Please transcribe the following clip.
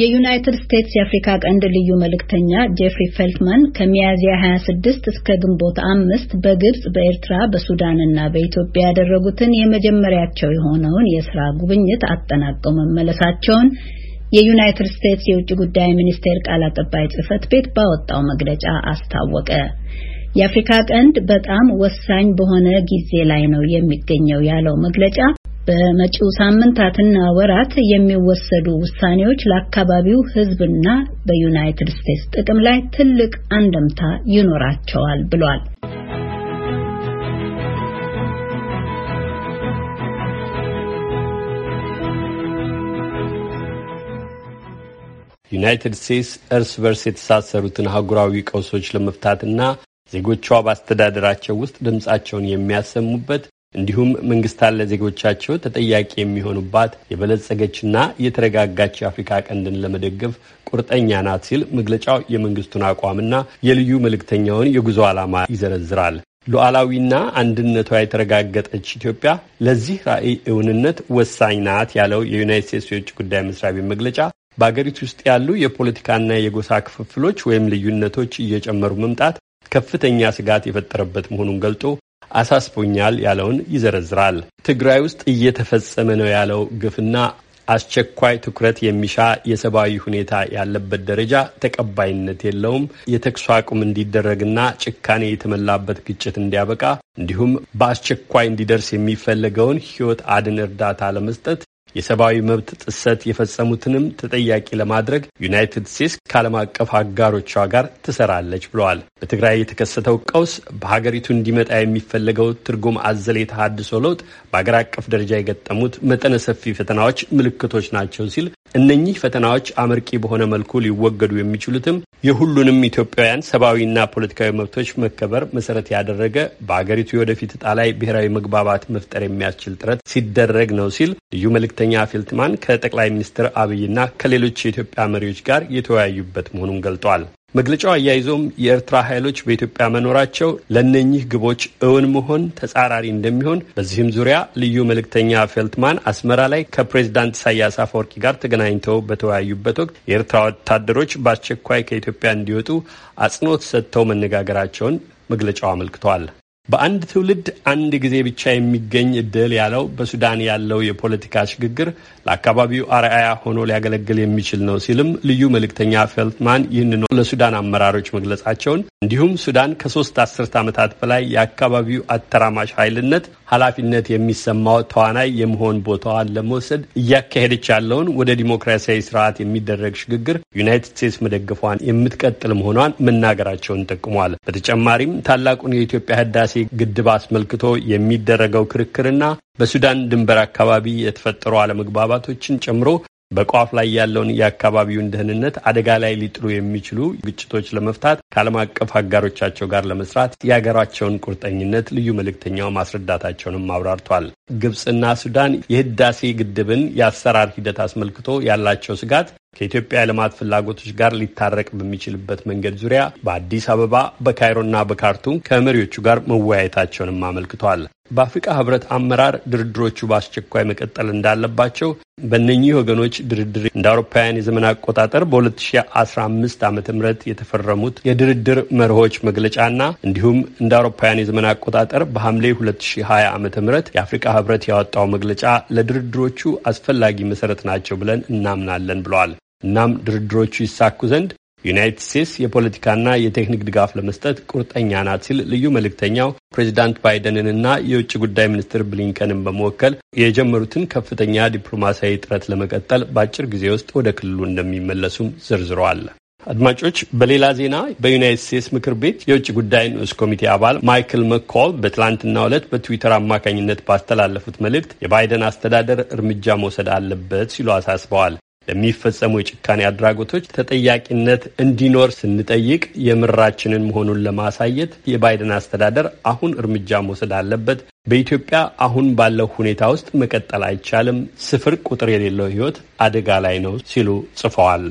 የዩናይትድ ስቴትስ የአፍሪካ ቀንድ ልዩ መልእክተኛ ጄፍሪ ፌልትማን ከሚያዝያ 26 እስከ ግንቦት አምስት በግብጽ በኤርትራ በሱዳንና በኢትዮጵያ ያደረጉትን የመጀመሪያቸው የሆነውን የስራ ጉብኝት አጠናቀው መመለሳቸውን የዩናይትድ ስቴትስ የውጭ ጉዳይ ሚኒስቴር ቃል አቀባይ ጽህፈት ቤት ባወጣው መግለጫ አስታወቀ። የአፍሪካ ቀንድ በጣም ወሳኝ በሆነ ጊዜ ላይ ነው የሚገኘው ያለው መግለጫ በመጪው ሳምንታትና ወራት የሚወሰዱ ውሳኔዎች ለአካባቢው ሕዝብና በዩናይትድ ስቴትስ ጥቅም ላይ ትልቅ አንደምታ ይኖራቸዋል ብሏል። ዩናይትድ ስቴትስ እርስ በርስ የተሳሰሩትን አህጉራዊ ቀውሶች ለመፍታትና ዜጎቿ በአስተዳደራቸው ውስጥ ድምፃቸውን የሚያሰሙበት እንዲሁም መንግስታት ለዜጎቻቸው ተጠያቂ የሚሆኑባት የበለጸገችና የተረጋጋች የአፍሪካ ቀንድን ለመደገፍ ቁርጠኛ ናት ሲል መግለጫው የመንግስቱን አቋምና የልዩ መልእክተኛውን የጉዞ ዓላማ ይዘረዝራል። ሉዓላዊና አንድነቷ የተረጋገጠች ኢትዮጵያ ለዚህ ራዕይ እውንነት ወሳኝ ናት ያለው የዩናይት ስቴትስ የውጭ ጉዳይ መስሪያ ቤት መግለጫ በአገሪቱ ውስጥ ያሉ የፖለቲካና የጎሳ ክፍፍሎች ወይም ልዩነቶች እየጨመሩ መምጣት ከፍተኛ ስጋት የፈጠረበት መሆኑን ገልጦ አሳስቦኛል ያለውን ይዘረዝራል። ትግራይ ውስጥ እየተፈጸመ ነው ያለው ግፍና አስቸኳይ ትኩረት የሚሻ የሰብአዊ ሁኔታ ያለበት ደረጃ ተቀባይነት የለውም። የተኩስ አቁም እንዲደረግና ጭካኔ የተመላበት ግጭት እንዲያበቃ እንዲሁም በአስቸኳይ እንዲደርስ የሚፈለገውን ሕይወት አድን እርዳታ ለመስጠት የሰብአዊ መብት ጥሰት የፈጸሙትንም ተጠያቂ ለማድረግ ዩናይትድ ስቴትስ ከዓለም አቀፍ አጋሮቿ ጋር ትሰራለች ብለዋል። በትግራይ የተከሰተው ቀውስ፣ በሀገሪቱ እንዲመጣ የሚፈለገው ትርጉም አዘል የተሃድሶ ለውጥ፣ በሀገር አቀፍ ደረጃ የገጠሙት መጠነ ሰፊ ፈተናዎች ምልክቶች ናቸው ሲል እነኚህ ፈተናዎች አመርቂ በሆነ መልኩ ሊወገዱ የሚችሉትም የሁሉንም ኢትዮጵያውያን ሰብአዊና ፖለቲካዊ መብቶች መከበር መሰረት ያደረገ በአገሪቱ የወደፊት እጣ ላይ ብሔራዊ መግባባት መፍጠር የሚያስችል ጥረት ሲደረግ ነው ሲል ልዩ መልእክተኛ ፊልትማን ከጠቅላይ ሚኒስትር አብይና ከሌሎች የኢትዮጵያ መሪዎች ጋር የተወያዩበት መሆኑን ገልጧል። መግለጫው አያይዞም የኤርትራ ኃይሎች በኢትዮጵያ መኖራቸው ለእነኚህ ግቦች እውን መሆን ተጻራሪ እንደሚሆን፣ በዚህም ዙሪያ ልዩ መልእክተኛ ፌልትማን አስመራ ላይ ከፕሬዚዳንት ኢሳያስ አፈወርቂ ጋር ተገናኝተው በተወያዩበት ወቅት የኤርትራ ወታደሮች በአስቸኳይ ከኢትዮጵያ እንዲወጡ አጽንኦት ሰጥተው መነጋገራቸውን መግለጫው አመልክቷል። በአንድ ትውልድ አንድ ጊዜ ብቻ የሚገኝ እድል ያለው በሱዳን ያለው የፖለቲካ ሽግግር ለአካባቢው አርአያ ሆኖ ሊያገለግል የሚችል ነው ሲልም ልዩ መልእክተኛ ፌልትማን ይህንኑ ለሱዳን አመራሮች መግለጻቸውን እንዲሁም ሱዳን ከሶስት አስርት ዓመታት በላይ የአካባቢው አተራማሽ ኃይልነት ኃላፊነት የሚሰማው ተዋናይ የመሆን ቦታዋን ለመውሰድ እያካሄደች ያለውን ወደ ዲሞክራሲያዊ ስርዓት የሚደረግ ሽግግር ዩናይትድ ስቴትስ መደገፏን የምትቀጥል መሆኗን መናገራቸውን ጠቅሟል። በተጨማሪም ታላቁን የኢትዮጵያ ህዳሴ የህዳሴ ግድብ አስመልክቶ የሚደረገው ክርክርና በሱዳን ድንበር አካባቢ የተፈጠሩ አለመግባባቶችን ጨምሮ በቋፍ ላይ ያለውን የአካባቢውን ደህንነት አደጋ ላይ ሊጥሉ የሚችሉ ግጭቶች ለመፍታት ከዓለም አቀፍ አጋሮቻቸው ጋር ለመስራት የሀገራቸውን ቁርጠኝነት ልዩ መልእክተኛው ማስረዳታቸውንም አብራርቷል። ግብፅና ሱዳን የህዳሴ ግድብን የአሰራር ሂደት አስመልክቶ ያላቸው ስጋት ከኢትዮጵያ የልማት ፍላጎቶች ጋር ሊታረቅ በሚችልበት መንገድ ዙሪያ በአዲስ አበባ በካይሮና በካርቱም ከመሪዎቹ ጋር መወያየታቸውንም አመልክቷል። በአፍሪቃ ህብረት አመራር ድርድሮቹ በአስቸኳይ መቀጠል እንዳለባቸው በእነኚህ ወገኖች ድርድር እንደ አውሮፓውያን የዘመን አቆጣጠር በ2015 ዓ ም የተፈረሙት የድርድር መርሆች መግለጫና እንዲሁም እንደ አውሮፓውያን የዘመን አቆጣጠር በሐምሌ 2020 ዓ ም የአፍሪቃ ህብረት ያወጣው መግለጫ ለድርድሮቹ አስፈላጊ መሰረት ናቸው ብለን እናምናለን ብለዋል። እናም ድርድሮቹ ይሳኩ ዘንድ ዩናይትድ ስቴትስ የፖለቲካና የቴክኒክ ድጋፍ ለመስጠት ቁርጠኛ ናት ሲል ልዩ መልእክተኛው ፕሬዚዳንት ባይደንንና የውጭ ጉዳይ ሚኒስትር ብሊንከንን በመወከል የጀመሩትን ከፍተኛ ዲፕሎማሲያዊ ጥረት ለመቀጠል በአጭር ጊዜ ውስጥ ወደ ክልሉ እንደሚመለሱም ዘርዝረዋል። አድማጮች፣ በሌላ ዜና በዩናይትድ ስቴትስ ምክር ቤት የውጭ ጉዳይ ንዑስ ኮሚቴ አባል ማይክል መኮል በትላንትናው ዕለት በትዊተር አማካኝነት ባስተላለፉት መልእክት የባይደን አስተዳደር እርምጃ መውሰድ አለበት ሲሉ አሳስበዋል። ለሚፈጸሙ የጭካኔ አድራጎቶች ተጠያቂነት እንዲኖር ስንጠይቅ የምራችንን መሆኑን ለማሳየት የባይደን አስተዳደር አሁን እርምጃ መውሰድ አለበት። በኢትዮጵያ አሁን ባለው ሁኔታ ውስጥ መቀጠል አይቻልም። ስፍር ቁጥር የሌለው ሕይወት አደጋ ላይ ነው ሲሉ ጽፈዋል።